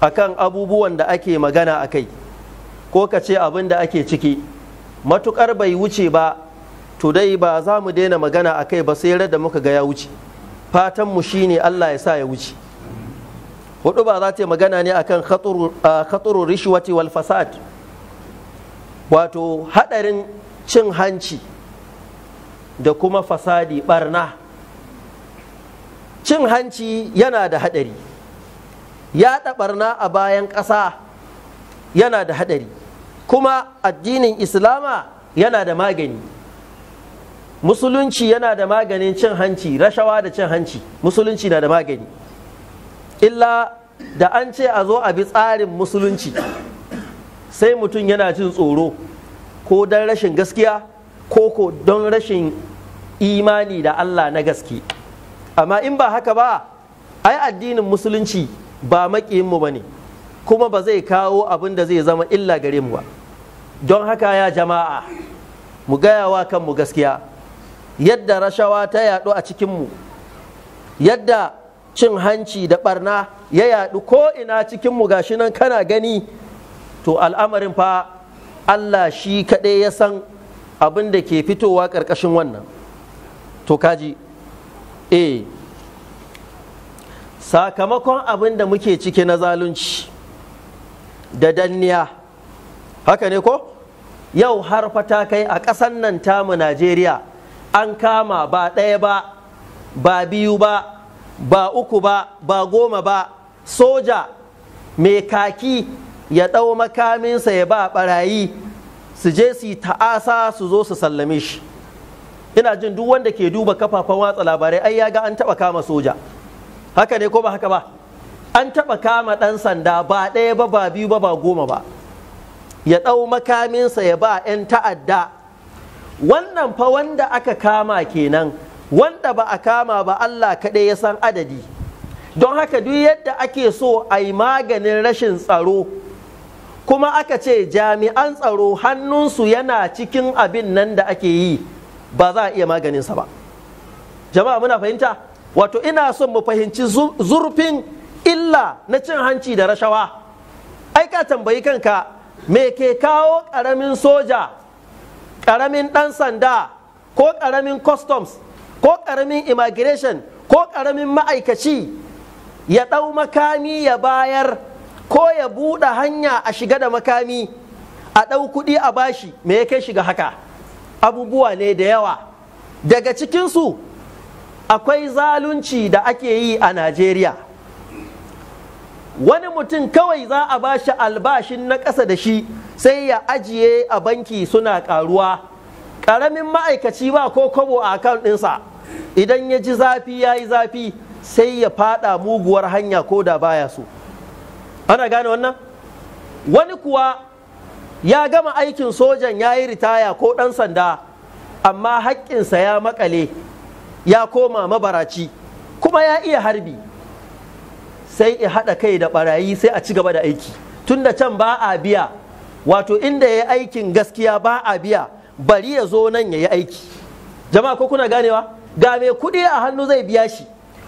akan abubuwan da ake magana a kai ko ka ce abin da ake ciki matukar bai wuce ba to dai ba za mu daina magana a kai ba sai da muka ga ya wuce fatanmu shine Allah ya sa ya wuce hudu ba za ta yi magana ne akan khaturu rishwati wal fasad wato hadarin cin hanci da kuma fasadi barna cin hanci yana da hadari ya ɗabarna a bayan ƙasa yana da haɗari kuma addinin islama yana da magani musulunci yana da maganin cin hanci rashawa da cin hanci musulunci na da magani illa da an ce a zo a bi tsarin musulunci sai mutum yana jin tsoro ko don rashin gaskiya ko ko don rashin imani da Allah na gaske amma in ba haka ba ai addinin musulunci ba makiyin ba ne kuma ba zai kawo abin da zai zama illa gare mu ba don haka ya jama'a mu gaya wa mu gaskiya yadda rashawa ta yaɗu a cikinmu yadda cin hanci da barna ya yaɗu ina cikinmu gashi nan kana gani to al'amarin fa Allah shi kaɗai ya san abin da ke fitowa ƙarƙashin wannan to kaji eh sakamakon abin da muke ciki na zalunci da danniya haka ne ko yau har fata kai a ƙasan nan tamu najeriya an kama ba ɗaya ba ba biyu ba ba uku ba ba goma ba soja mai kaki ya ɗau makaminsa ya ba ɓarayi su je su ta'asa su zo su sallame shi ina jin duk wanda ke duba kafafen watsa labarai ai ya ga an taɓa kama soja haka ne ko ba haka ba an taɓa kama ɗan sanda ba ɗaya ba ba biyu ba ba goma ba ya ɗau makaminsa ya ba 'yan ta'adda wannan fa wanda aka kama kenan wanda ba a kama ba Allah kaɗai ya san adadi don haka duk yadda ake so a yi maganin rashin tsaro kuma aka ce jami'an tsaro hannunsu yana cikin abin nan da ake yi ba za a iya maganinsa ba jama'a muna fahimta wato ina son mu fahimci zurfin illa na cin hanci da rashawa ai ka tambayi kanka me ke kawo ƙaramin soja ƙaramin ɗan sanda ko ƙaramin customs ko ƙaramin immigration ko ƙaramin ma'aikaci ya ɗau makami ya bayar ko ya buɗe hanya a shiga da makami a ɗau kuɗi a bashi me ya kai shiga haka abubuwa ne da yawa daga cikinsu akwai zalunci da ake yi a najeriya wani mutum kawai za a ba shi albashin na ƙasa da shi sai ya ajiye a banki suna ƙaruwa ƙaramin ma'aikaci ba ko kobo a kan ɗinsa idan ya ji zafi ya yi zafi sai ya faɗa muguwar hanya ko da baya so ana gane wannan wani kuwa ya gama aikin sojan ya yi ritaya ko ɗan sanda amma haƙƙinsa ya maƙale. ya koma mabaraci kuma ya iya harbi sai ya haɗa kai da barayi sai a ci gaba da aiki tun da can ba a biya wato inda ya yi aikin gaskiya ba a biya bari ya zo nan ya yi aiki jama'a ko kuna ganewa ga mai kuɗi a hannu zai biya shi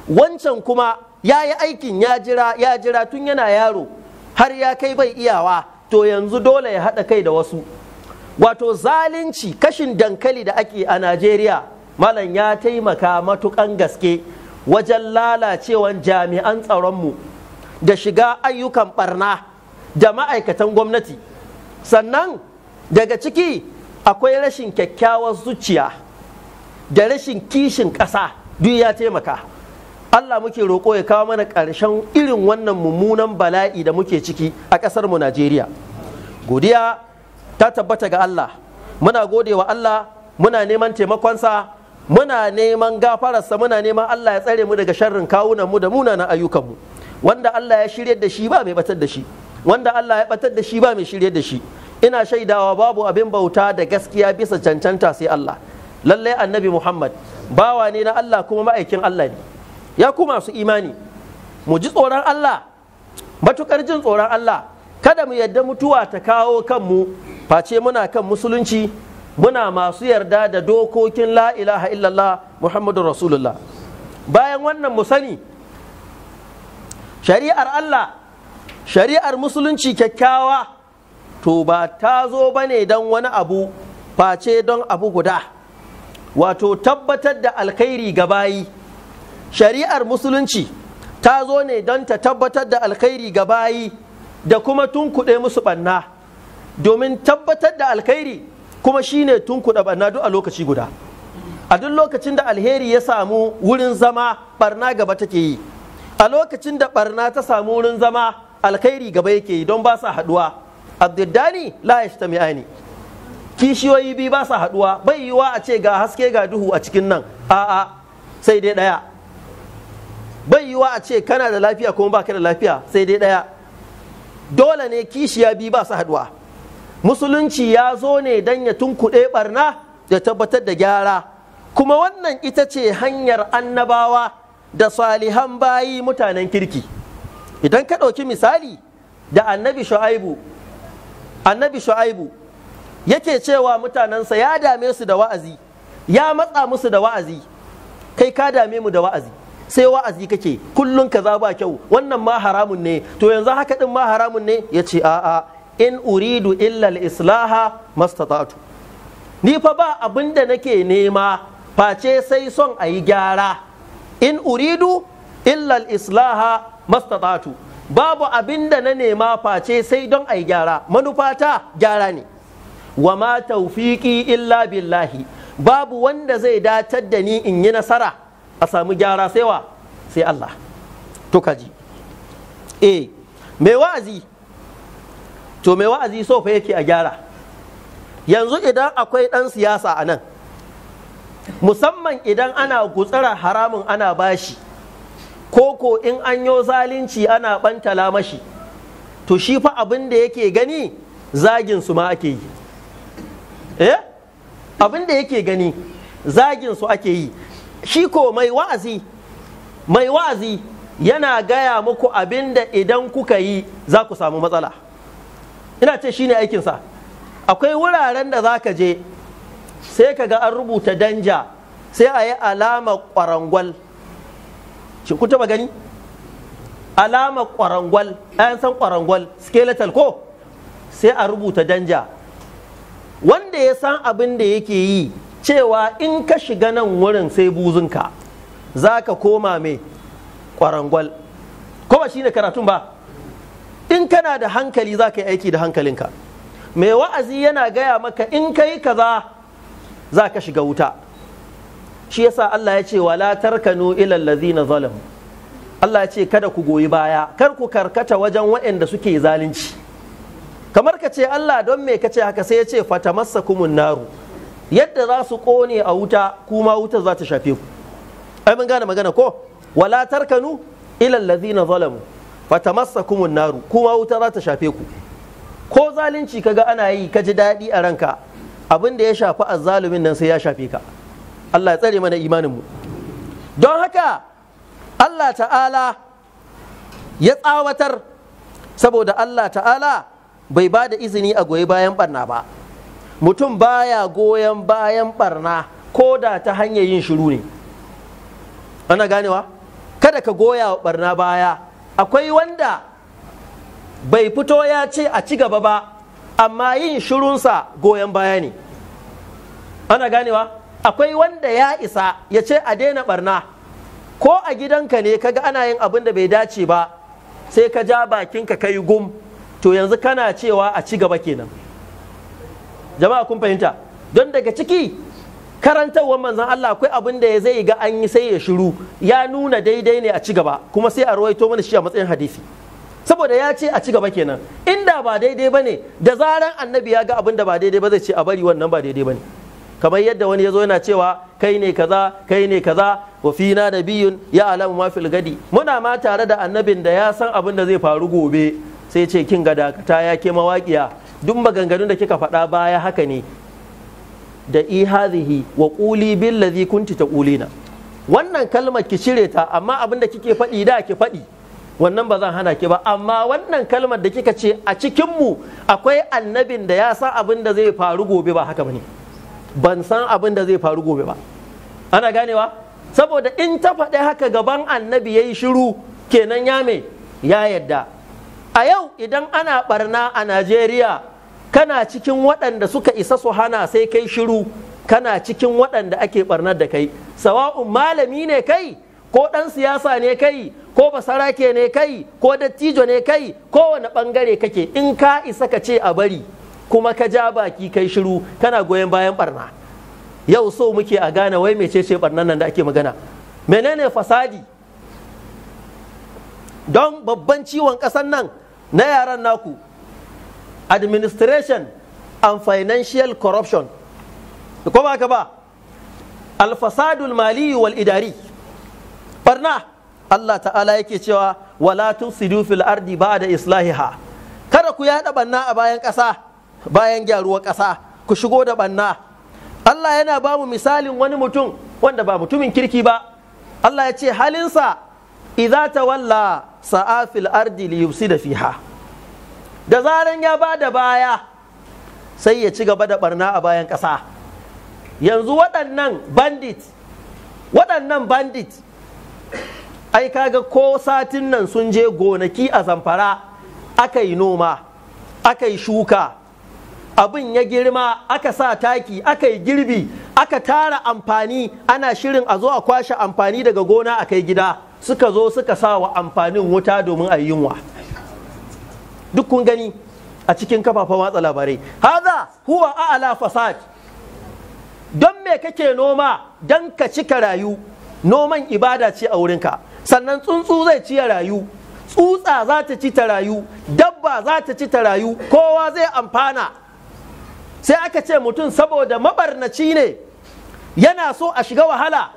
wancan kuma ya yi aikin ya jira ya jira tun yana yaro har ya kai bai iyawa to yanzu dole ya haɗa kai da wasu wato zalunci kashin dankali da ake a najeriya malam ya taimaka matukan gaske wajen lalacewan jami'an tsaronmu da shiga ayyukan barna da ma'aikatan gwamnati sannan daga ciki akwai rashin kyakkyawar zuciya da rashin kishin ƙasa duk ya taimaka Allah muke roƙo ya kawo mana ƙarshen irin wannan mummunan bala'i da muke ciki a ƙasarmu Najeriya godiya ta tabbata ga Allah muna gode wa Allah muna neman taimakonsa muna neman gafararsa muna neman Allah ya tsare mu daga sharrin kawunan mu da munanan ayyukan mu wanda Allah ya shiryar da shi ba mai batar da shi wanda Allah ya batar da shi ba mai shiryar da shi ina shaidawa babu abin bauta da gaskiya bisa cancanta sai Allah lallai annabi Muhammad bawa ne na Allah kuma ma'aikin Allah ne ya kuma su imani mu ji tsoron Allah matukar jin tsoron Allah kada mu yadda mutuwa ta kawo kanmu face muna kan musulunci muna masu yarda da dokokin la ilaha illallah muhammadu rasulullah bayan wannan mu sani shari'ar allah shari'ar musulunci kyakkyawa to ba ta zo ba ne don wani abu face don abu guda wato tabbatar da alkhairi ga bayi shari'ar musulunci ta zo ne don ta tabbatar da alkhairi ga bayi da kuma tunkuɗe musu ɓanna domin tabbatar da alkhairi kuma shine tunkuɗa barna duk a lokaci guda a duk lokacin da alheri ya samu wurin zama barna gaba take yi a lokacin da barna ta samu wurin zama alkhairi gaba yake yi don ba sa haduwa abdullani la ne kishiyoyi biyu ba sa haduwa bai yiwa a ce ga haske ga duhu a cikin nan a'a sai dai ɗaya. bai yiwa a ce kana da lafiya kuma ba ka da lafiya sai dai ɗaya. dole ne kishiya biyu ba su haduwa musulunci ya zo ne don ya tunkuɗe ɓarna ya tabbatar da gyara kuma wannan ita ce hanyar annabawa da salihan bayi mutanen kirki idan ka ɗauki misali da annabi shu'aibu annabi shu'aibu yake cewa mutanensa ya dame su da wa'azi ya matsa musu da wa'azi kai ka dame mu da wa'azi sai wa'azi kake kullun za ba kyau wannan ma haramun ne to yanzu haka ɗin ma haramun ne ya ce a'a in uridu illa islaha mastata'tu ni fa ba abin da nake nema face sai son a yi gyara in uridu illa islaha mastata'tu babu abin da na nema face sai don a yi gyara manufata gyara ne wa ma tawfiqi illa billahi babu wanda zai datar da ni in yi nasara a samu gyara sai wa sai Allah to kaji eh mai wa'azi to mai wa'azi so fa yake a gyara yanzu idan akwai ɗan siyasa a nan musamman idan ana gutsara haramun ana bashi ko in an yo zalunci ana ɓantala mashi to shi fa abin da yake gani zagin su ma ake yi eh abin da yake gani zagin su ake yi shi ko mai wa'azi mai wa'azi yana gaya muku abinda idan kuka yi za ku samu matsala ina ce shine aikinsa akwai wuraren da za ka je sai ka ga an rubuta danja sai a yi alama kwarangwal shi ku taba gani alama kwarangwal an san kwarangwal skeletal ko sai a rubuta danja wanda ya san abin da yake yi cewa in ka shiga nan wurin sai buzunka za ka koma mai kwarangwal ko ba shi ne karatun ba in kana da hankali za ka yi aiki da hankalinka mai wa'azi yana gaya maka in ka yi kaza za ka shiga wuta shi yasa Allah ya ce wala tarkanu ilal ladzina zalamu Allah ya ce kada ku goyi baya kar ku karkata wajen waɗanda suke zalunci kamar ka ce Allah don me ka ce haka sai ya ce fatamassakumun naru yadda za su kone a wuta kuma wuta za ta shafe ku ai mun gane magana ko wala tarkanu ilal ladzina zalamu kumun naru kuma wuta za ta shafe ku ko zalunci kaga ana yi ka ji daɗi a ranka abin da ya shafi azzalumin nan sai ya shafe ka Allah ya tsare mana imanin mu don haka Allah ta'ala ya tsawatar saboda Allah ta'ala bai ba da izini a goyi bayan barna ba mutum baya goyon bayan barna ko da ta hanyar yin shiru ne ana ganewa kada ka goya wa barna baya akwai wanda bai fito ya ce a ci gaba ba amma yin shirunsa goyon baya ne ana ganewa akwai wanda ya isa ya ce a daina barna ko a gidanka ne kaga ana yin abin da bai dace ba sai ka ja bakinka ka yi gum to yanzu kana cewa a ci gaba kenan jama'a kun fahimta don daga ciki karantarwar manzan Allah akwai abin da zai ga an yi sai ya shiru ya nuna daidai ne a ci gaba kuma sai a rawaito mana shi a matsayin hadisi saboda ya ce a ci gaba kenan inda ba daidai bane da zaran annabi ya ga abin da ba daidai ba zai ce a bari wannan ba daidai bane kamar yadda wani ya zo yana cewa kai ne kaza kai ne kaza wa da biyun, ya alamu ma fil gadi muna ma tare da annabin da ya san abin da zai faru gobe sai ce kin ga dakata ya ke mawaƙiya duk maganganun da kika faɗa baya haka ne da ihadihi wa quli ta kunti taqulina wannan kalmar ki cire ta amma abinda kike faɗi da ki faɗi wannan ba zan hana ki ba amma wannan kalmar da kika ce a cikin mu akwai annabin da ya san abin da zai faru gobe ba haka bane ban san abin da zai faru gobe ba ana ganewa saboda in ta faɗi haka gaban annabi yayi shiru kenan ya me ya yadda a yau idan ana barna a Najeriya kana cikin waɗanda suka isa su hana sai kai shiru kana cikin waɗanda ake barnar da kai sawa'un malami ne kai ko ɗan siyasa ne kai ko basarake ne kai ko dattijo ne kai ko kowane ɓangare kake in ka isa ka ce a bari kuma ka ja baki kai shiru kana goyon bayan barna yau so muke a gane wai mecece barnan nan da ake magana menene fasadi don babban ciwon ƙasan nan na yaran naku administration and financial corruption ko ba ka ba alfasadul mali wal idari barna Allah ta'ala yake cewa wala tusidu fil ardi ba'da islahiha kada ku yada banna a bayan ƙasa bayan gyaruwar ƙasa ku shigo da banna Allah yana ba mu misalin wani mutum wanda ba mutumin kirki ba Allah ya ce halinsa idza tawalla sa'a fil ardi li fiha da zaran ya ba da baya sai ya ci gaba da barna a bayan ƙasa yanzu waɗannan bandit waɗannan bandit ai kaga ko satin nan sun je gonaki a zamfara aka yi noma aka yi shuka abin ya girma aka sa taki aka yi girbi aka tara amfani ana shirin a zo a kwashe amfani daga gona a kai gida suka zo suka sa wa amfanin wuta domin a yi yunwa duk kun gani a cikin kafafen watsa labarai haza huwa a'ala fasad don me kake noma don ka cika rayu noman ibada ce a wurin ka. sannan tsuntsu zai ci rayu tsutsa za ta ci ta rayu dabba za ta ci ta rayu kowa zai amfana sai aka ce mutum saboda mabarnaci ne yana so a shiga wahala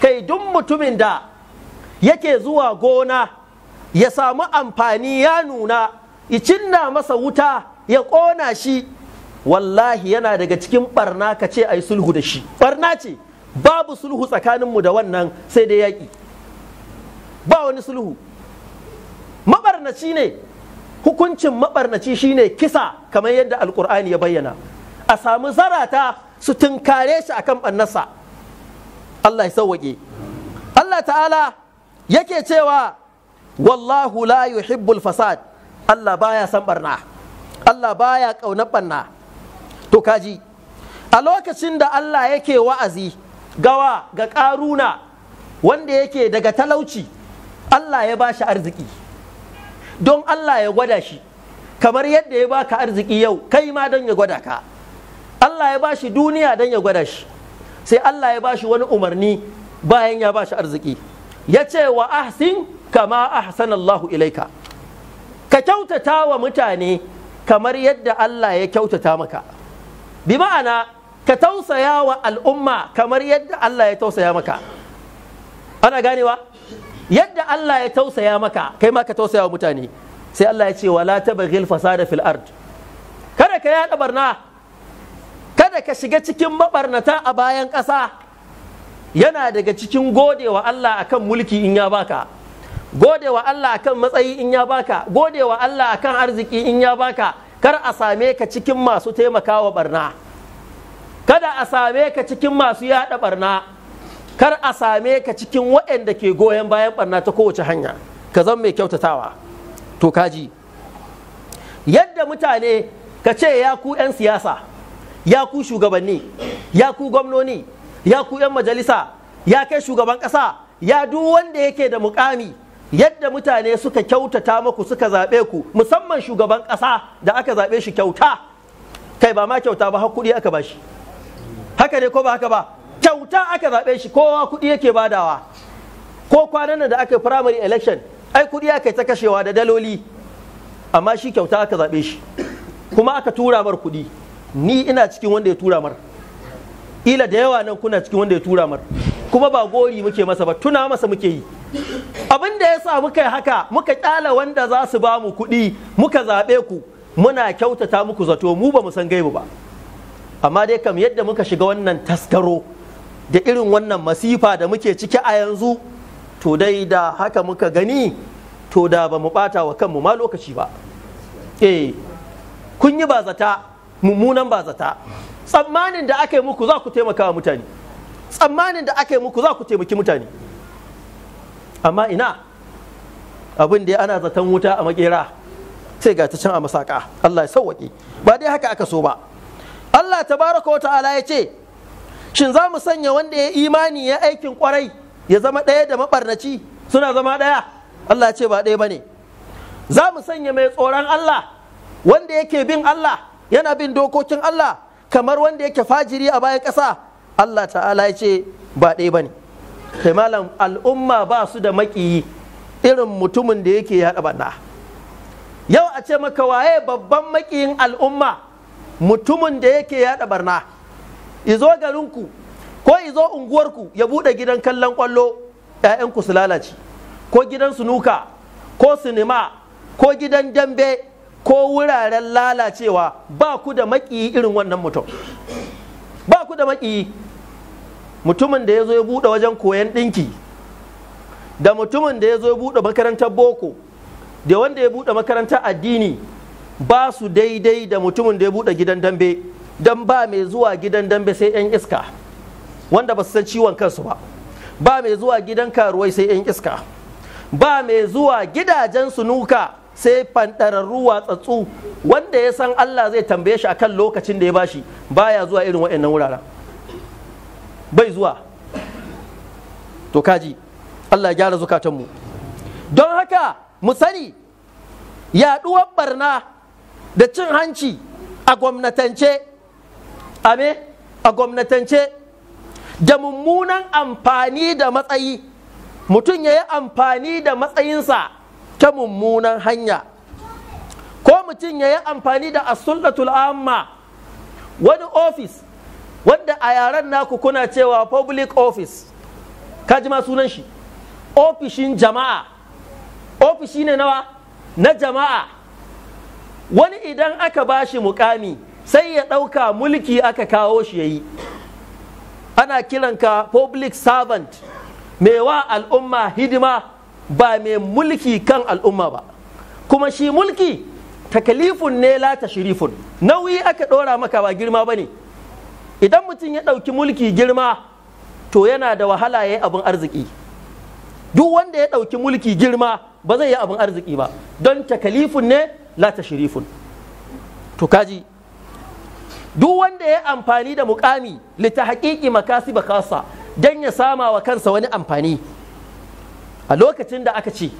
kai duk mutumin da yake zuwa gona ya samu amfani ya nuna icinna masa wuta ya ƙona shi wallahi yana daga cikin barna ka ce a yi sulhu da shi barna ce babu sulhu tsakaninmu da wannan sai dai yaƙi ba wani sulhu mabarnaci ne hukuncin mabarnaci shine kisa kamar yadda alkur'ani ya bayyana a samu zarata su tunkare shi akan ɓannarsa Allah ya sauwaƙe Allah ta'ala yake cewa wallahu la yuhibbul fasad Allah baya san barna Allah baya ƙaunar barna to kaji a lokacin da Allah yake wa'azi gawa ga ƙaruna wanda yake daga talauci Allah ya bashi arziki don Allah ya gwada shi kamar yadda ya baka arziki yau kai ma don ya gwada ka Allah ya bashi duniya don ya gwada shi sai Allah ya bashi wani umarni bayan ya ba shi arziki ya ce wa ahsin kama ahsanallahu ilaika ka kyautata wa mutane kamar yadda Allah ya kyautata maka bi ma'ana ka tausaya wa al'umma kamar yadda Allah ya tausaya maka ana ganewa yadda Allah ya tausaya maka kai ma ka tausaya wa mutane sai Allah ya ce wala tabaghil fasada fil ard kada ka yaɗa barna kada ka shiga cikin mabarnata a bayan ƙasa yana daga cikin godewa Allah akan mulki in ya baka godewa Allah akan matsayi in ya baka godewa Allah akan arziki in ya baka kar a same ka cikin masu taimakawa barna kada a same ka cikin masu yada barna kar a same ka cikin waɗanda ke goyon bayan barna ta kowace hanya ka zan mai kyautatawa to kaji yadda mutane ka ce ya ku 'yan siyasa ya ku shugabanni ya ku gwamnoni ya ku 'yan majalisa ya kai shugaban ƙasa ya duk wanda yake da mukami yadda mutane suka kyautata maku suka zaɓe ku musamman shugaban ƙasa da aka zaɓe shi kyauta kai ba ma kyauta ba har kuɗi aka bashi haka ne ko ba haka ba kyauta aka zaɓe shi kowa kuɗi yake badawa ko kwanan nan da aka yi primary election ai kuɗi aka yi ta kashewa da daloli amma shi kyauta aka zaɓe shi kuma aka tura mar kuɗi ni ina cikin wanda ya tura mar ila da yawa nan kuna cikin wanda ya tura mar kuma ba gori muke masa ba tuna masa muke yi abin da ya sa muka haka muka kyala wanda za su ba mu kuɗi muka zaɓe ku muna kyautata muku zato mu ba mu san gaibu ba amma dai kam yadda muka shiga wannan taskaro da irin wannan masifa da muke ciki a yanzu to dai da haka muka gani to da ba mu ɓata wa kanmu ma lokaci ba eh kun yi bazata mummunan bazata tsammanin da aka yi muku za ku taimaka wa mutane tsammanin da aka yi muku za ku taimaki mutane amma ina abin da ana zaton wuta a makera sai ga ta can a masaka Allah ya sauwaƙe ba dai haka aka so ba Allah ta wata ala ya ce shin za mu sanya wanda ya imani ya aikin kwarai ya zama ɗaya da maɓarnaci suna zama ɗaya Allah ya ce ba ɗaya ba ne za mu sanya mai tsoron Allah wanda yake bin Allah yana bin dokokin Allah kamar wanda yake fajiri a bayan ƙasa Allah ta'ala ya ce ba ɗaya ba ne kai al'umma ba su da maƙiyi irin mutumin da yake yaɗa banna yau a ce maka waye babban maƙiyin al'umma mutumin da yake yaɗa barna izo garinku ko izo unguwarku ya buɗe gidan kallon ƙwallo 'ya'yanku su lalace ko gidan sunuka ko sinima ko gidan dambe ko wuraren lalacewa ba ku da maƙiyi irin wannan mutum ba ku da maƙiyi mutumin da ya zo ya buɗe wajen koyan ɗinki da mutumin da ya zo ya buɗe makarantar boko da wanda ya buɗe makarantar addini ba su daidai da mutumin da ya buɗe gidan dambe don ba mai zuwa gidan dambe sai 'yan iska wanda ba su san ciwon kansu ba ba mai zuwa gidan karuwai sai 'yan iska ba mai zuwa gidajen su nuka sai fanɗararru watsatsu wanda ya san Allah zai tambaye shi akan lokacin da ya bashi baya zuwa irin waɗannan wuraren bai zuwa to kaji Allah ya gyara zukatanmu don haka mu sani yaɗuwar barna da cin hanci a gwamnatance ame a gwamnatance da mummunan amfani da matsayi mutum ya yi amfani da matsayinsa ta mummunan hanya ko mutum ya yi amfani da asullatul amma wani ofis wanda a yaren naku kuna cewa public office ka ji ma sunan shi ofishin jama'a ofishi ne nawa na jama'a wani idan aka ba shi mukami sai ya ɗauka mulki aka kawo shi ya yi ana kiranka public servant mai wa al'umma hidima ba mai mulki kan al'umma ba kuma shi mulki takalifun ne la tashrifun nauyi aka ɗora maka ba girma ba ne idan mutum ya ɗauki mulki girma to yana da wahala ya yi abin arziki duk wanda ya ɗauki mulki girma ba zai yi abin arziki ba don takalifun ne la Shirifun. to kaji duk wanda ya amfani da mukami lita haƙiƙi makasi kasa don ya sama wa kansa wani amfani a lokacin da aka ce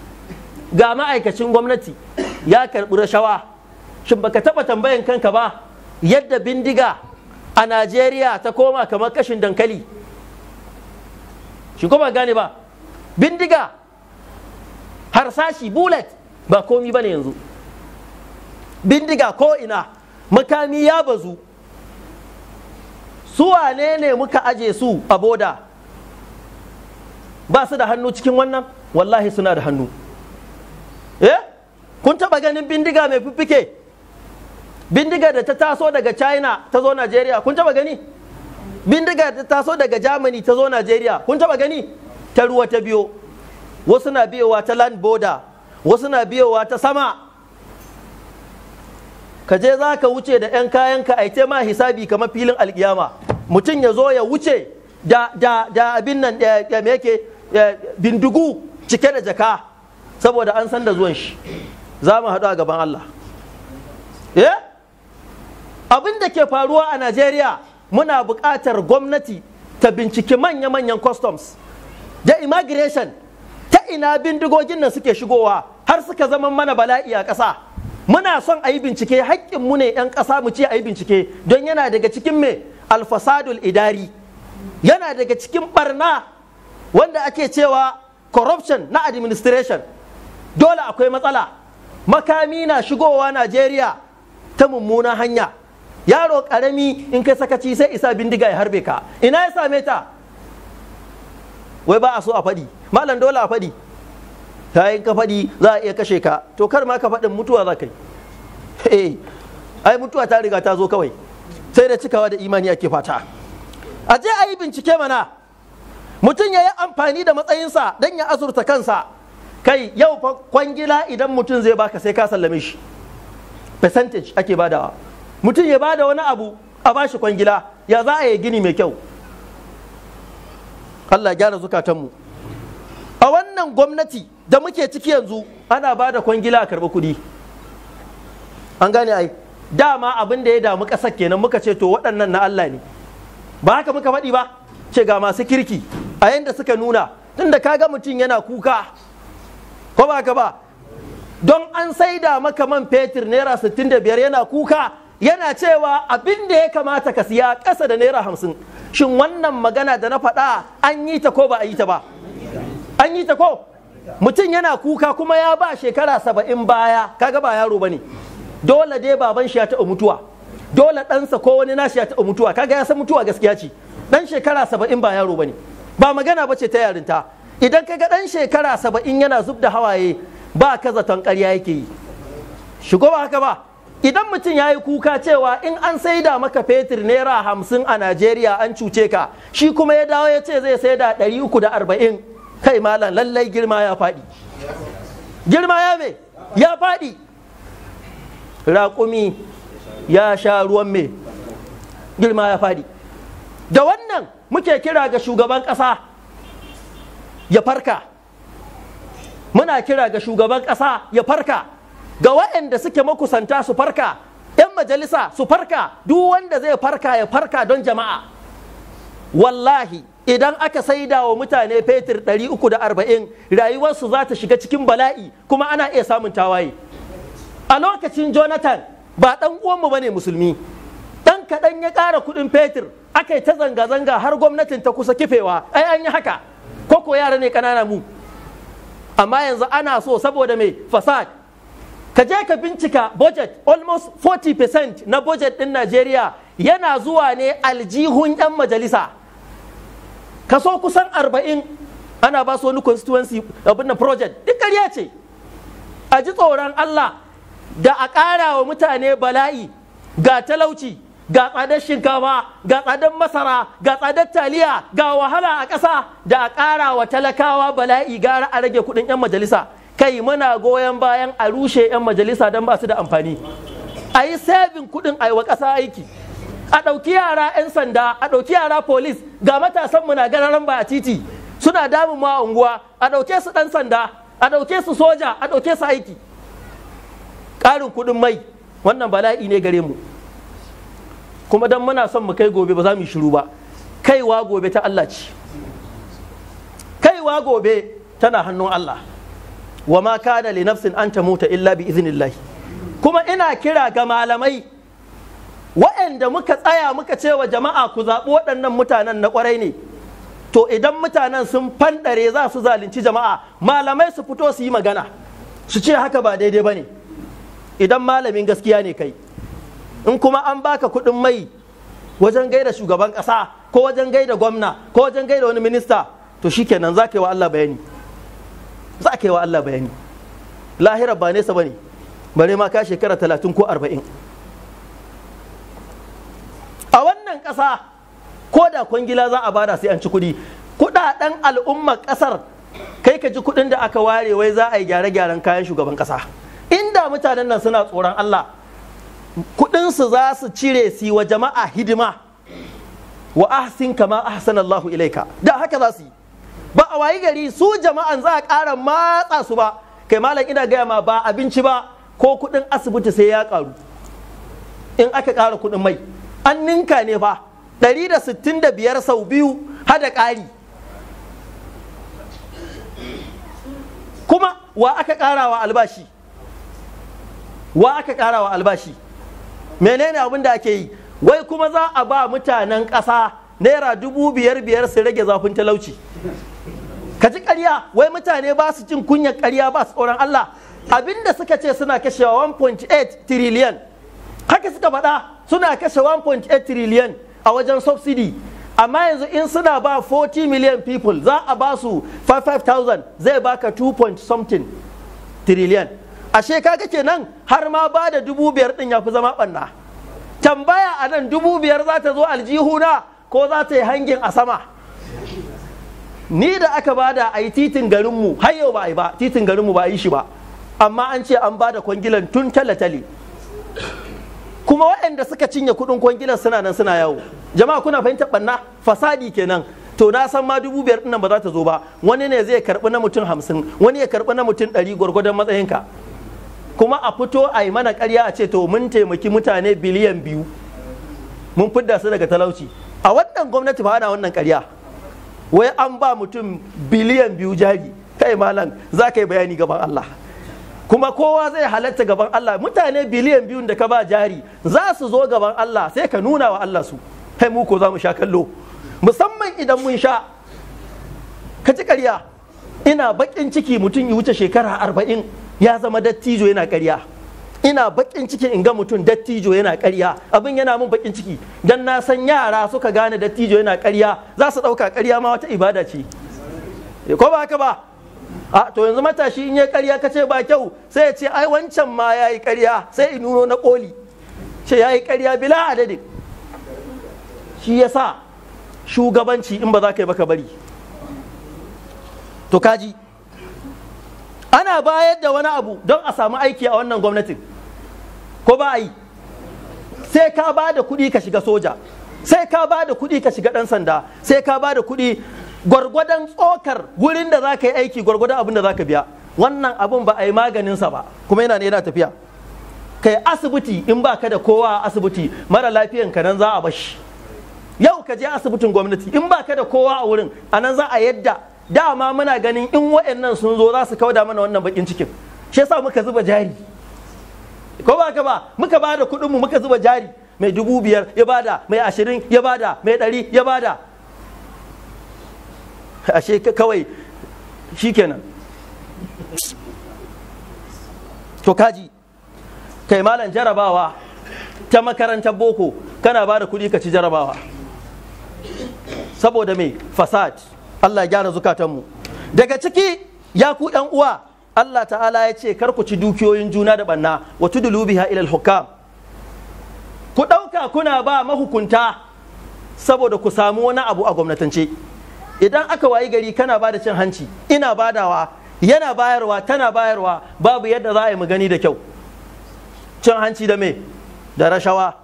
ga ma'aikacin gwamnati ya karɓi rashawa shin baka taɓa tambayan kanka ba yadda bindiga a najeriya ta koma kamar kashin dankali shi kuma gane ba bindiga harsashi bullet ba komi ba ne yanzu bindiga ko ina makami ya bazu su wanene ne muka aje su a boda ba su da hannu cikin wannan wallahi suna da hannu eh kun taba ganin bindiga mai fiffike bindigar da ta taso daga china ta zo najeriya kun taba gani bindigar da ta taso daga germany ta zo najeriya kun taba gani ta ruwa ta biyo wasu na biyowa ta land border wasu na biyowa ta sama ka je za ka wuce da 'yan kayan ka a ma hisabi kamar filin alkiyama mutum ya zo ya wuce da, da, da abin nan da me yake bindigu cike da jaka saboda an san da zuwan shi za mu haɗu a gaban Allah. eh abin da ke faruwa a najeriya muna buƙatar gwamnati ta binciki manya-manyan customs da immigration ta ina bindigogin nan suke shigowa har suka zama mana bala'i a ƙasa muna son a yi bincike mu ne 'yan ƙasa mu ce a yi bincike don yana daga cikin me alfasadul idari yana daga cikin barna wanda ake cewa corruption na administration dole akwai matsala makami na shigowa najeriya ta mummunan hanya yaro karami in kai sakaci sai isa bindiga ya harbe ka ina ya same ta wai ba a so a faɗi malam dole a faɗi ta yi ka faɗi za a iya kashe ka to kar ma ka faɗin mutuwa za ka yi ai mutuwa ta riga ta zo kawai sai da cikawa da imani ake fata a je a yi bincike mana mutum ya yi amfani da matsayinsa don ya azurta kansa kai yau fa kwangila idan mutum zai baka sai ka sallame shi percentage ake badawa mutum ya bada wani abu a bashi kwangila ya za a yi gini mai kyau Allah gyara zukatanmu a wannan gwamnati da muke ciki yanzu ana ba da kwangila a karɓi kuɗi an gane ai dama abin da ya damu ƙasar kenan muka ce to waɗannan na Allah ne ba haka muka faɗi ba ce ga masu kirki a yadda suka nuna tunda kaga mutum yana kuka ko ba ka ba don an saida maka man fetur naira 65 yana kuka yana cewa abin da ya kamata ka siya ƙasa da naira hamsin shin wannan magana da na faɗa an yi ta ko ba a yi ta ba an yi ta ko mutum yana kuka kuma ya ba shekara saba'in baya kaga ba yaro ba ne dole dai baban shi ya taɓa mutuwa dole ɗansa ko wani nashi ya taɓa mutuwa kaga ya san mutuwa gaskiya ce ɗan shekara saba'in ba yaro ba ne ba magana ba ce ta yarinta idan kaga ɗan shekara saba'in yana zub da hawaye ba ka zaton ƙarya yake yi shigo ba haka ba idan mutum ya yi kuka cewa in an saida maka fetur naira hamsin a najeriya an cuce ka shi kuma ya dawo ya ce zai saida ɗari uku da arba'in kai malam lallai girma ya faɗi girma ya me ya faɗi raƙumi ya sha ruwan me girma ya faɗi da wannan muke kira ga shugaban ƙasa ya farka muna kira ga shugaban ƙasa ya farka ga waɗanda suke makusanta su farka 'yan majalisa su farka duk wanda zai farka ya farka don jama'a wallahi idan aka saida wa mutane fetur 340 rayuwarsu za ta shiga cikin bala'i kuma ana iya samun tawaye a lokacin jonathan ba ɗan uwanmu ba ne musulmi ɗan kaɗan ya ƙara kuɗin fetur aka yi ta zanga-zanga har gwamnatin ta kusa kifewa ai an yi haka koko yara ne ƙanana mu amma yanzu ana so saboda mai fasad ka je ka bincika budget almost 40% na budget din Najeriya yana zuwa ne aljihun 'yan majalisa kaso kusan 40 ana ba su wani constituency abin na project duk ƙarya ce a ji tsoron Allah da a ƙara wa mutane bala'i ga talauci ga tsadar shinkafa ga tsadar masara ga tsadar taliya ga wahala a ƙasa da a ƙara wa talakawa bala'i gara a rage kuɗin 'yan majalisa kai muna goyon bayan a rushe 'yan majalisa don ba su da amfani a yi sabin kuɗin a wa ƙasa aiki a ɗauki yara 'yan sanda a ɗauki yara polis ga matasan muna gararan ba a titi suna damun ma unguwa a ɗauke su ɗan sanda a ɗauke su soja a ɗauke su aiki ƙarin kuɗin mai wannan bala'i ne gare mu kuma don muna son mu kai gobe ba za mu yi shiru ba kaiwa gobe ta Allah ce kaiwa gobe tana hannun Allah wa ma kana li nafsin an tamuta illa bi iznillah kuma ina kira ga malamai waɗanda muka tsaya muka ce wa jama'a ku zaɓi waɗannan mutanen na kwarai ne to idan mutanen sun fanɗare za su zalunci jama'a malamai su fito su yi magana su ce haka ba daidai ba ne idan malamin gaskiya ne kai in kuma an baka kuɗin mai wajen gaida shugaban ƙasa ko wajen gaida gwamna ko wajen gaida wani minista to shikenan za ka yi wa Allah bayani za ka yi wa Allah bayani lahira ba nesa ba ne bare ma ka shekara talatin ko arba'in a wannan ƙasa ko da kwangila za a bada sai an ci kuɗi kuɗaɗen al'ummar ƙasar kai ka ji kuɗin da aka ware wai za a yi gyare-gyaren kayan shugaban ƙasa inda mutanen nan suna tsoron Allah kuɗinsu za su cire si wa jama'a hidima wa ahsin kama ahsanallahu ilaika da haka za su yi ba a wayi gari su jama'an za a ƙara matsa su ba kai malam ina gaya ma ba abinci ba ko kuɗin asibiti sai ya ƙaru in aka ƙara kuɗin mai an ninka ne fa 165 sau biyu hada ƙari kuma wa aka ƙarawa albashi wa aka wa albashi menene abin da ake yi wai kuma za a ba mutanen ƙasa naira dubu biyar biyar su rage zafin talauci ka ji ƙarya wai mutane ba su jin kunyar ƙarya ba su tsoron Allah abinda suka ce suna kashewa 1.8 trillion haka suka faɗa suna kashe 1.8 trillion a wajen subsidy amma yanzu in suna ba 40 million people za a ba su 55,000 zai baka 2. something trillion a sheka kake nan har ma ba da dubu biyar din fi zama ɓanna tambaya a nan dubu biyar za ta zo aljihuna ko za ta yi hangin a sama ni da aka bada a yi titin garinmu har yau ba a yi ba titin garinmu ba a yi shi ba amma an ce an bada kwangilan tun talatali kuma waɗanda suka cinye kuɗin kwangilan suna nan suna yawo jama'a kuna fahimtar banna fasadi kenan to na san ma dubu biyar ɗin ba za ta zo ba wani ne zai karɓi na mutum hamsin wani ya karɓi na mutum ɗari gwargwadon matsayinka kuma a fito a yi mana karya a ce to mun taimaki mutane biliyan biyu mun fidda su daga talauci a wannan gwamnati ba ana wannan karya. wai an ba mutum biliyan biyu jari kai malam za ka yi bayani gaban Allah kuma kowa zai halatta gaban Allah mutane biliyan biyun da ka ba jari za su zo gaban Allah sai ka nuna wa Allah su kai mu ko za mu sha kallo musamman idan mun sha ka ji karya ina bakin ciki mutum ya wuce shekara arba'in ya zama dattijo yana karya ina bakin ciki in ga mutum dattijo yana karya abin yana mun bakin ciki dan na san yara suka gane dattijo yana karya za su ɗauka karya ma wata ibada ce eh, ko ba haka ba a to yanzu matashi in ya karya ka ce ba kyau sai ya ce ai wancan ma ya yi karya sai in nuno na koli ce ya yi karya bila adadin shi ya sa shugabanci in ba za ka yi baka bari to kaji ana bayar da wani abu don a samu aiki a wannan gwamnatin ko ba yi sai ka ba da kuɗi ka shiga soja sai ka ba da kuɗi ka shiga ɗan sanda sai ka ba da kuɗi gwargwadon tsokar wurin da za ka yi aiki gwargwadon abin da za ka biya wannan abin ba a yi maganinsa ba kuma yana yana tafiya kai asibiti in ba ka da kowa a asibiti mara lafiyan ka nan za a bashi yau ka je asibitin gwamnati in ba ka da kowa a wurin a nan za a yadda dama muna ganin in wa'annan sun zo za su kauda mana wannan bakin cikin shi yasa muka zuba jari ko ba ka ba muka ba da kuɗinmu muka zuba jari mai dubu biyar ya bada mai ashirin ya bada mai ɗari ya bada ashe kawai shi kenan to kaji kai malam jarabawa ta makarantar boko kana ba da kuɗi ka ci jarabawa saboda mai fasad Allah gyara zukatanmu daga ciki ya ku uwa Allah ta'ala ya ce kar ku ci dukiyoyin juna da banna wa tudulu biha ila hukam ku ɗauka kuna ba mahukunta saboda ku samu wani abu a gwamnatance idan aka wayi gari kana ba da cin hanci ina badawa yana bayarwa tana bayarwa babu yadda za a yi mu gani da kyau cin hanci da me da rashawa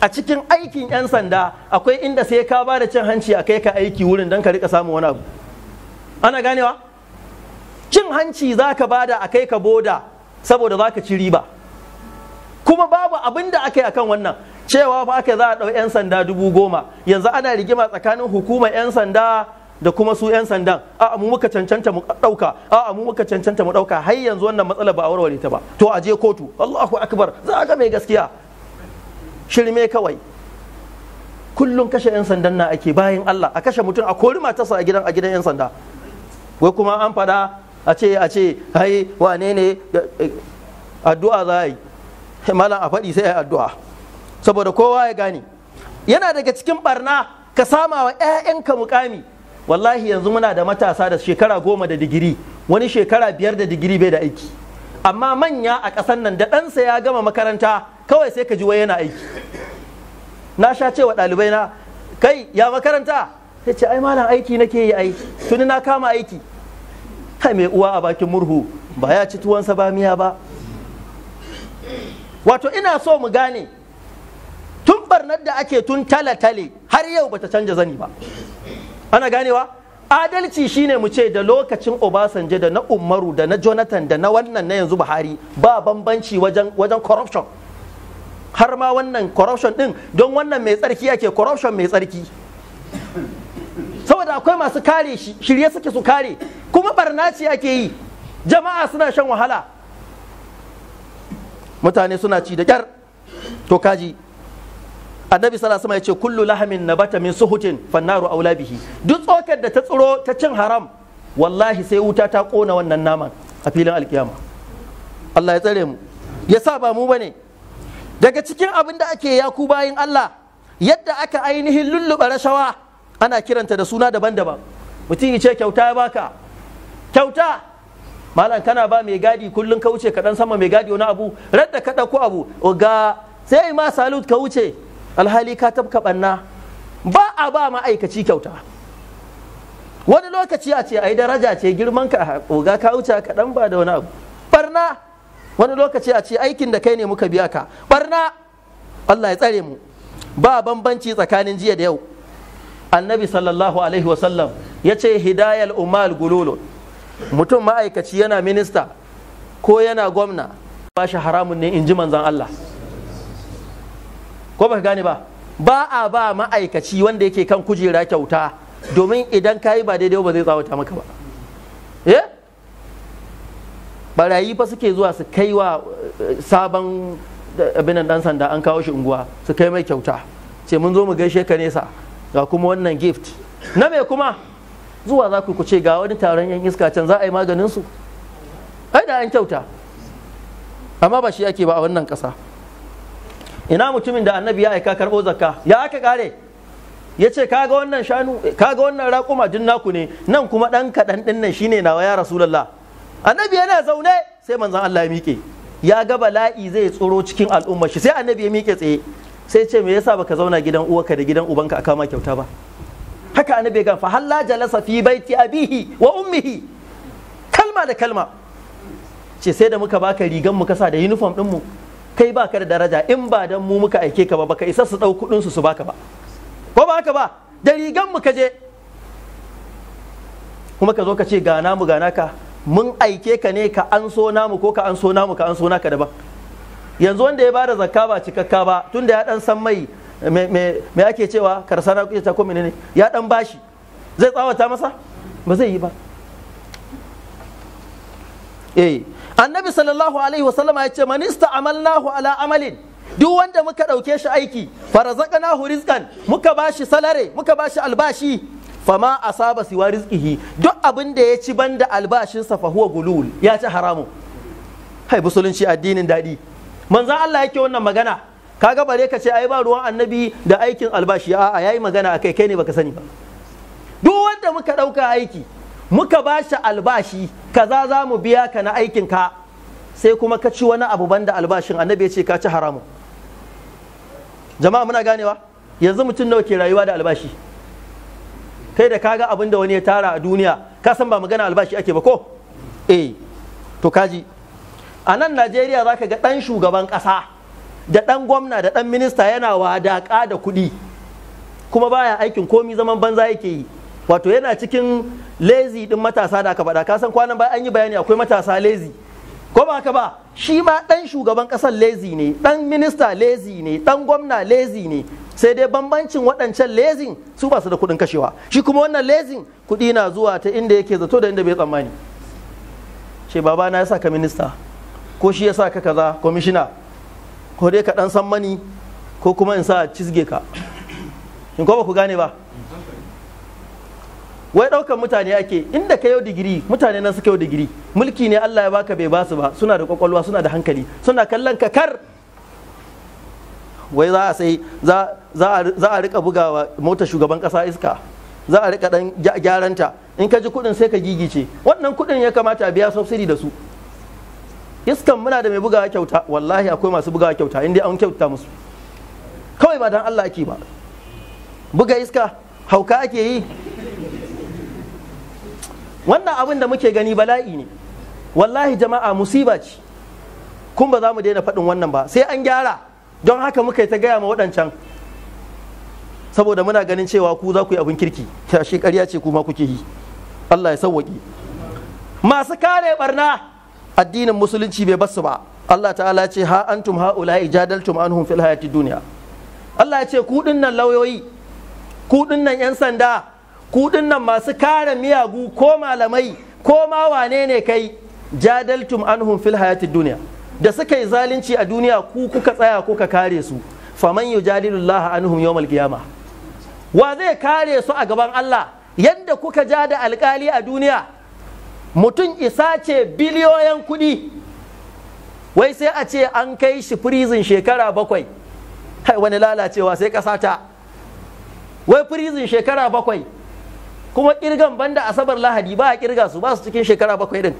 a cikin aikin 'yan sanda akwai inda sai ka ba da cin hanci a kai ka aiki wurin don ka rika samun wani abu ana ganewa cin hanci za ka bada a kai ka boda saboda za ka ci riba kuma babu abin da aka yi akan wannan cewa fa ka za a ɗau 'yan sanda dubu goma yanzu ana rigima tsakanin hukumar 'yan sanda da kuma su 'yan sandan a mu muka cancanta mu ɗauka a mu muka cancanta mu ɗauka har yanzu wannan matsala ba a warware ta ba to a je kotu Allahu akbar za a ga mai gaskiya shirme kawai kullum kashe 'yan sandan na ake bayan Allah a kashe mutum a kori matarsa a gidan a gidan 'yan sanda wai kuma an faɗa. a ce a ce hai wane ne e, addu'a za a yi malam a faɗi sai a addu'a saboda kowa ya gane yana daga cikin barna ka sama wa 'ya'yanka mukami wallahi yanzu muna da matasa da shekara goma da digiri wani shekara biyar da digiri bai da aiki amma manya a ƙasan nan da ɗansa ya gama makaranta kawai sai ka ji wai yana aiki na sha cewa ɗalibai na kai ya makaranta sai ce ai malam aiki nake yi ai tuni na kama aiki kai mai uwa a bakin murhu ba ya ci tuwon miya ba wato ina so mu gane tun barnar da ake tun tale-tale har yau bata canja zani ba ana ganewa adalci shine mu ce da lokacin Obasanje da na umaru da na jonathan da na wannan na yanzu buhari ba bambanci wajen wajen corruption har ma wannan corruption din don wannan mai tsarki ake corruption mai tsarki saboda akwai masu kare shi shirye suke su kare kuma barna ce ake yi jama'a suna shan wahala mutane suna ci da kyar to kaji annabi sallallahu alaihi ce kullu lahamin nabata min suhutin fannaru aula bihi duk tsokar da ta tsiro ta cin haram wallahi sai wuta ta kona wannan naman a filin alkiyama Allah ya tsare mu ya sa ba mu bane daga cikin abin da ake yaku bayin Allah yadda aka ainihin lulluɓa rashawa ana kiranta da suna daban-daban mutum ce kyauta ya baka kyauta malam kana ba mai gadi kullum ka wuce kaɗan sama mai gadi wani abu radda ka ɗauko abu ga sai ma salut ka wuce alhali ka tafka ɓanna ba a ba ma'aikaci kyauta wani lokaci a ce ai daraja ce girman ka oga ka wuce kaɗan ba da wani abu barna wani lokaci a ce aikin da kai ne muka biya ka barna Allah ya tsare mu ba bambanci tsakanin jiya da yau annabi sallallahu alaihi wasallam ya ce hidayal umal gululun mutum ma'aikaci yana minista ko yana gwamna ba shi haramun ne in ji manzan Allah ko ba gane ba ba a ba ma'aikaci wanda yake kan kujera kyauta domin idan ka yi ba daidai ba zai tsawata maka ba eh? barayi fa suke zuwa su kai wa eh, sabon eh, abinan dan sanda an kawo shi unguwa su kai mai kyauta ce mun zo mu gaishe ka nesa ga kuma wannan gift na me kuma zuwa za ku ce ga wani taron yan iska can za a yi maganin su ai da an kyauta amma ba shi ake ba a wannan ƙasa ina mutumin da annabi ya aika karɓo zakka ya aka kare ya ce kaga wannan shanu kaga wannan raƙuma duk naku ne nan kuma ɗan kaɗan ɗin nan shine nawa ya rasulullah annabi yana zaune sai manzon Allah ya miƙe ya ga bala'i zai tsoro cikin al'ummar shi sai annabi ya miƙe tsaye sai ce me yasa baka zauna gidan uwarka da gidan ubanka a kama kyauta ba haka annabi ga fa halla jalasa fi baiti abihi wa ummihi kalma da kalma ce sai da muka baka rigan mu kasa da uniform din mu kai baka da daraja in ba dan mu muka aike ka ba baka isa su dau kudin su su baka ba ko ba haka ba da rigan mu ka je kuma ka zo ka ce gana mu gana ka mun aike ka ne ka an so namu ko ka an namu ka an naka daban yanzu wanda ya bada zakka ba cikakka ba tunda ya dan san mai me ake cewa karsana ta komine ne ya dan bashi zai tsawata masa ba zai yi ba eh annabi sallallahu alaihi wasallama ya ce man ista'amalnahu ala amalin duk wanda muka ɗauke shi aiki farazaqnahu rizqan muka bashi salare muka bashi albashi fama asaba siwa rizqihi duk abin da ya ci banda albashinsa fa huwa gulul ya ci haramu hai musulunci addinin daɗi manzan Allah yake wannan magana kaga bare ka ce ai ba ruwan annabi da aikin albashi a yayi magana akai kai ne baka sani ba duk wanda muka ɗauka aiki muka ba shi albashi kaza za mu biya ka na aikin ka sai kuma ka ci wani abu banda albashin annabi ya ce ka ci haramun jama'a muna ganewa yanzu mutum nawa ke rayuwa da albashi kai da kaga abin da wani ya tara a duniya ka san ba magana albashi ake ba ko eh to kaji a nan najeriya za ka ga ɗan shugaban ƙasa da ɗan gwamna da ɗan minista yana wadaƙa da kuɗi kuma baya aikin komi zaman banza yake yi wato yana cikin lezi ɗin matasa da aka faɗa ka san kwanan an yi bayani akwai matasa lezi ko ba haka ba shi ma ɗan shugaban ƙasar lezi ne ɗan minista lezi ne ɗan gwamna lezi ne sai dai bambancin waɗancan lezin su ba su da kuɗin kashewa shi kuma wannan lezin kuɗi na zuwa ta inda yake zato da inda bai tsammani ce babana na ya sa ka minista ko shi ya sa ka kaza kwamishina ko dai ka dan san mani ko kuma in sa cizge ka in ko ku gane ba wai ɗaukan mutane ake inda ka yau digiri mutane nan suka yau digiri mulki ne Allah ya baka bai basu ba suna da kwakwalwa suna da hankali suna kallon ka kar wai za a sai za a rika bugawa mota shugaban kasa iska za a rika dan gyaranta in ka ji kudin sai ka gigice wannan kudin ya kamata a biya subsidy da su iskan muna da mai bugawa kyauta wallahi akwai masu bugawa kyauta inda an kyauta musu kawai ba dan Allah ake ba buga iska hauka ake yi wannan abin da muke gani bala'i ne wallahi jama'a musiba ce kun ba za mu daina faɗin wannan ba sai an gyara don haka muka yi ta gaya ma waɗancan saboda muna ganin cewa ku za ku yi abin kirki shi ƙarya ce kuma kuke yi Allah ya sauwaƙe masu kare barna addinin musulunci bai basu ba Allah ta'ala ce ha antum haula ijadaltum anhum fil hayati dunya Allah ya ce ku dinnan lauyoyi ku dinnan yan sanda ku dinnan masu kare miyagu ko malamai ko ma wane ne kai jadaltum anhum fil hayati dunya da suka yi zalunci a duniya ku kuka tsaya kuka kare su faman yujadilullah anhum yawmal qiyamah wa zai kare su a gaban Allah yadda kuka ja da alkali a duniya mutum isa ce biliyoyin kuɗi wai sai a ce an kai shi firizin shekara bakwai hai wani lalacewa sai ƙasa ta wai firizin shekara bakwai kuma kirgan banda asabar lahadi ba a ƙirga su ba su cikin shekara bakwai din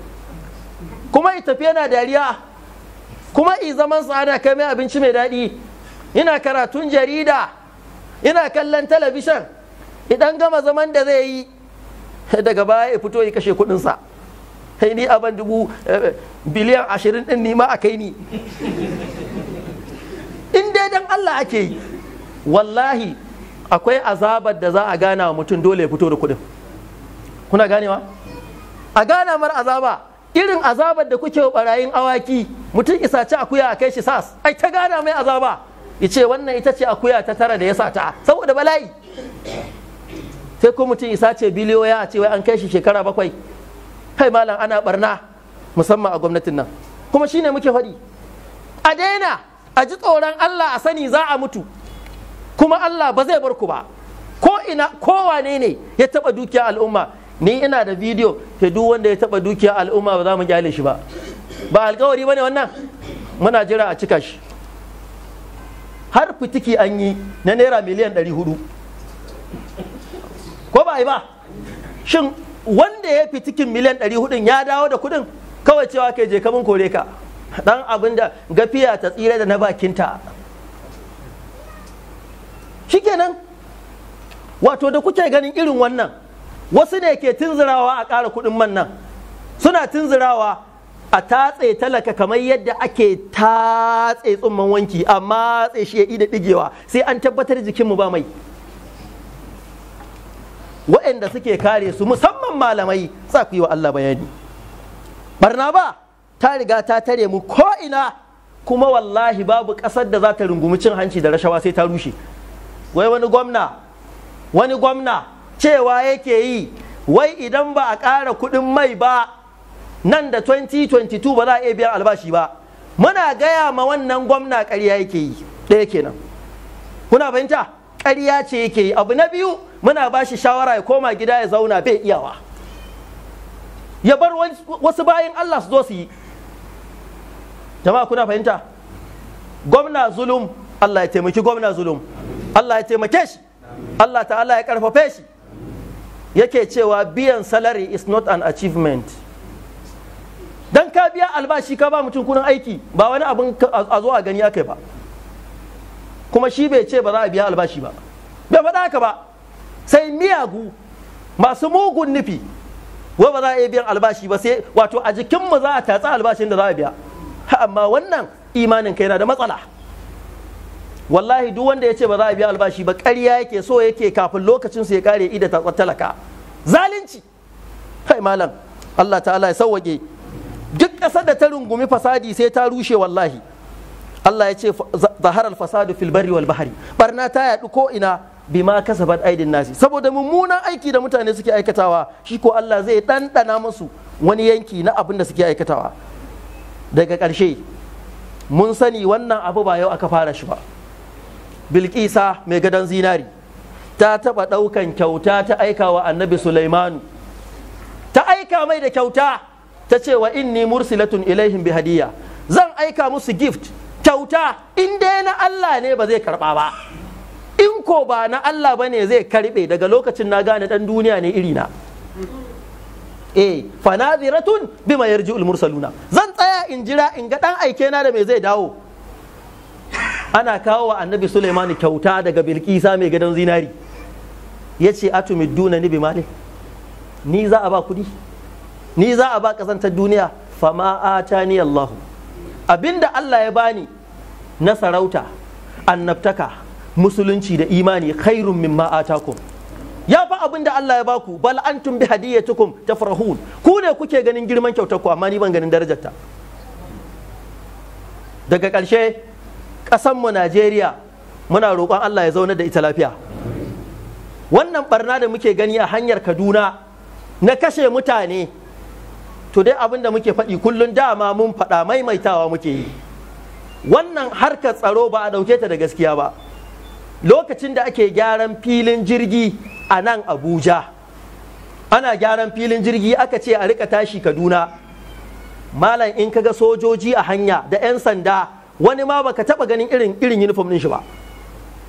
kuma i tafi yana dariya kuma i zaman su ana kai mai abinci mai daɗi ina karatun jarida ina kallon talabishin idan gama zaman da zai yi daga baya ya fito ya kashe kuɗinsa sai ni aban dubu eh, biliyan ashirin din ni ma a kai ni in dai dan Allah ake yi wallahi akwai azabar da za a gana mutum dole ya fito da kuɗin kuna ganewa a gana mar azaba irin azabar da kuke barayin awaki mutum isa ci akuya a kai shi sas ai ta gana mai azaba ce wannan ita ce akuya ta tara da ya sa ta saboda bala'i sai ko mutum isa ce biliyoya a ce wai an kai shi shekara bakwai kai malam ana barna musamman a gwamnatin nan kuma shine muke faɗi a daina a ji tsoron Allah a sani za a mutu kuma Allah ba zai bar ku ba ko ina kowane ne ya taba dukiya al'umma ni ina da bidiyo ke duk wanda ya taba dukiya al'umma ba za mu gyale shi ba ba alkawari bane wannan muna jira a cika shi har fitiki an yi na naira miliyan 400 ko ba yi ba shin wanda ya fi cikin miliyan ɗari hudun ya dawo da kuɗin kawai cewa ke je kamun kore ka dan abin da gafiya ta tsira da na bakinta shikenan wato da kuke ganin irin wannan wasu ne ke tunzurawa a ƙara kuɗin man nan suna tunzurawa a tatse talaka kamar yadda ake tatse tsumman wanki amma tse shi ya da ɗigewa sai an tabbatar jikinmu ba mai waɗanda suke kare su musamman malamai za ku yi wa Allah bayani barna ba ta riga ta tare mu ko ina kuma wallahi babu ƙasar da za ta rungumi cin hanci da rashawa sai ta rushe wai wani gwamna wani gwamna cewa yake yi wai idan ba a kara kuɗin mai ba nan da 2022 ba za a iya biyan albashi ba muna gaya ma wannan gwamna ƙarya yake yi ɗaya kenan kuna fahimta ƙarya ce yake yi abu na biyu muna ba shi shawara ya koma gida ya zauna bai iyawa ya bar wasu bayan Allah su zo su yi jama'a kuna fahimta gwamna zulum Allah ya taimaki gwamna zulum Allah ya taimake shi Allah ta'ala ya karfafe shi yake cewa biyan salary is not an achievement dan ka biya albashi ka ba mutum kunan aiki ba wani abin a zo a gani akai ba kuma shi bai ce ba za a biya albashi ba bai faɗa haka ba sai miyagu masu mugun nufi wai ba za a biyan albashi ba sai wato a jikin mu za a tatsa albashin da za a biya amma wannan imanin kai na da matsala wallahi duk wanda ya ce ba za a biya albashi ba ƙarya yake so yake kafin lokacin su ya kare ida tatsar talaka zalunci kai malam Allah ta'ala ya sauwake duk ƙasar da ta rungumi fasadi sai ta rushe wallahi Allah ya ce zaharar fasadu fil barri wal bahari barna ta yaɗu ko ina bima kasabat aidin nasi saboda mummunan aiki da mutane suke aikatawa shi ko Allah zai ɗanɗana musu wani yanki na abin da suke aikatawa daga ƙarshe mun sani wannan abu ba yau aka fara shi ba bilkisa mai gadon zinari ta taɓa ɗaukan kyauta ta aika wa annabi sulaimanu ta aika mai da kyauta ta ce wa inni mursilatun ilaihim bi hadiya zan aika musu gift kyauta in dai na Allah ne ba zai karɓa ba in ko ba na Allah ba ne zai karɓe daga lokacin na gane ɗan duniya ne irina eh fanaziratun ma yarji mursaluna zan tsaya in jira in ga ɗan aike na da me zai dawo ana kawo wa annabi Suleiman kyauta daga Bilkisa mai gadon zinari ya ce atumidduna ni bi mali ni za a ba kudi ni za a ba kasantar duniya fama atani Allahu abinda Allah ya bani na sarauta annabtaka musulunci da imani khairun mimma atakum ya fa abin da Allah ya baku bal antum bi hadiyatukum tafrahun ku ne kuke ganin girman kyautar ku amma ni ban ganin darajarta daga ƙarshe ƙasanmu Najeriya muna roƙon Allah ya zauna da ita lafiya wannan barna da muke gani a hanyar Kaduna na kashe mutane to dai abin da muke faɗi kullum dama mun faɗa maimaitawa muke yi wannan harkar tsaro ba a ɗauke ta da gaskiya ba lokacin da ake gyaran filin jirgi a nan abuja ana gyaran filin jirgi aka ce a rika tashi kaduna malam in kaga sojoji a hanya da 'yan sanda wani ma baka taba ganin irin irin uniform din shi ba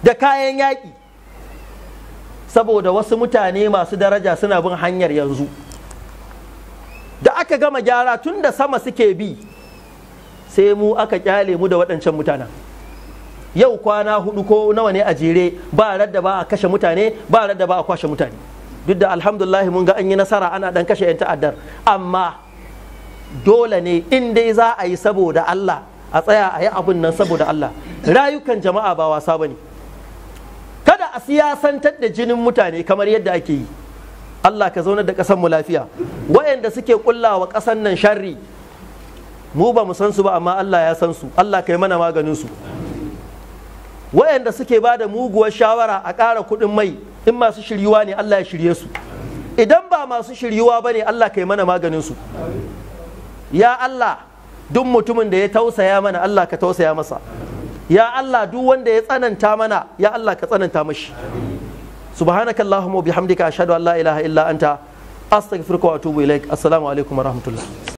da kayan yaƙi saboda wasu mutane masu daraja suna bin hanyar yanzu aka gama gyara tun da sama suke bi sai mu aka kyale mu da waɗancan mutanen yau kwana hudu ko nawa ne a jere ba radda ba a kashe mutane ba radda ba a kwashe mutane duk da alhamdulillah mun ga an yi nasara ana dan kashe 'yan ta'addar amma dole ne in dai za a yi saboda Allah a tsaya a yi abin nan saboda Allah rayukan jama'a ba wasa bane kada a siyasantar da jinin mutane kamar yadda ake yi Allah ka zaunar da ƙasar mu lafiya wayanda suke kullawa ƙasar nan sharri mu ba mu san su ba amma Allah ya san su Allah kai mana maganin su wayanda suke ba da muguwar shawara a ƙara kuɗin mai in masu shiryuwa ne Allah ya shirye su idan ba masu shiryuwa ba ne Allah kai mana maganin su ya Allah duk mutumin da ya tausaya mana Allah ka tausaya masa ya Allah duk wanda ya tsananta mana ya Allah ka tsananta mashi subhanaka allahumma bihamdika ashhadu an la ilaha illa anta astaghfiruka wa atubu ilaik assalamu alaikum wa rahmatullah